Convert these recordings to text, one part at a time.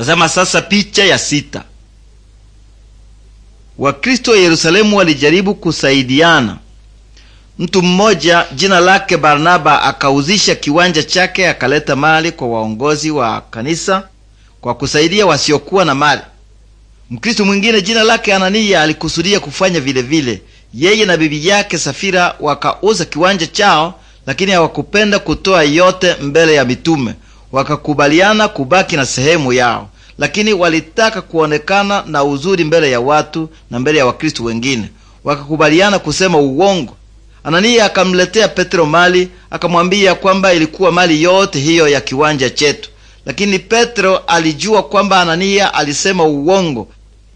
Tazama sasa picha ya sita. Wakristo wa Yerusalemu walijaribu kusaidiana. Mtu mmoja jina lake Barnaba akauzisha kiwanja chake akaleta mali kwa waongozi wa kanisa kwa kusaidia wasiokuwa na mali. Mkristo mwingine jina lake Anania alikusudia kufanya vile vile. Yeye na bibi yake Safira wakauza kiwanja chao, lakini hawakupenda kutoa yote mbele ya mitume, wakakubaliana kubaki na sehemu yao lakini walitaka kuonekana na uzuri mbele ya watu na mbele ya Wakristo wengine, wakakubaliana kusema uwongo. Anania akamletea Petro mali, akamwambia kwamba ilikuwa mali yote hiyo ya kiwanja chetu, lakini Petro alijua kwamba Anania alisema uwongo.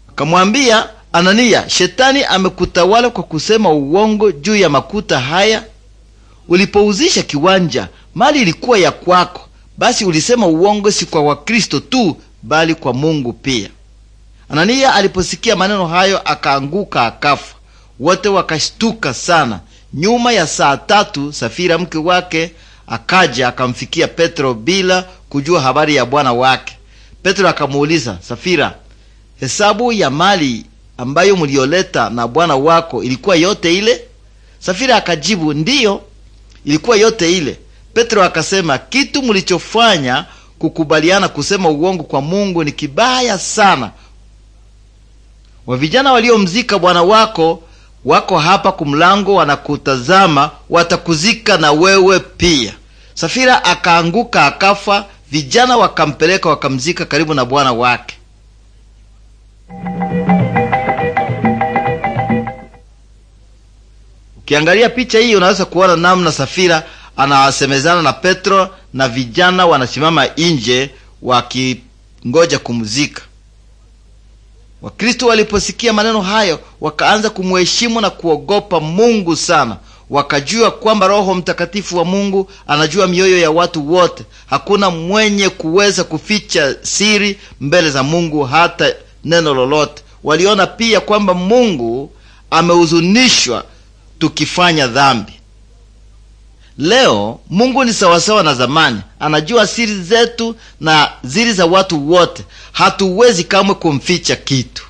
Akamwambia Anania, shetani amekutawala kwa kusema uwongo juu ya makuta haya. Ulipouzisha kiwanja, mali ilikuwa ya kwako, basi ulisema uwongo si kwa Wakristo tu bali kwa Mungu pia. Anania aliposikia maneno hayo akaanguka akafa. Wote wakashtuka sana. Nyuma ya saa tatu Safira mke wake akaja akamfikia Petro bila kujua habari ya bwana wake. Petro akamuuliza Safira, hesabu ya mali ambayo mulioleta na bwana wako ilikuwa yote ile? Safira akajibu ndiyo, ilikuwa yote ile. Petro akasema, kitu mulichofanya kukubaliana kusema uongo kwa Mungu ni kibaya sana. Wa vijana waliomzika bwana wako wako hapa kumlango, wanakutazama, watakuzika na wewe pia. Safira akaanguka akafa, vijana wakampeleka wakamzika karibu na bwana wake. Ukiangalia picha hii, unaweza kuona namna Safira anawasemezana na Petro na vijana wanasimama nje wakingoja kumzika. Wakristo waliposikia maneno hayo wakaanza kumheshimu na kuogopa Mungu sana. Wakajua kwamba Roho Mtakatifu wa Mungu anajua mioyo ya watu wote. Hakuna mwenye kuweza kuficha siri mbele za Mungu hata neno lolote. Waliona pia kwamba Mungu amehuzunishwa tukifanya dhambi. Leo Mungu ni sawasawa na zamani, anajua siri zetu na siri za watu wote. Hatuwezi kamwe kumficha kitu.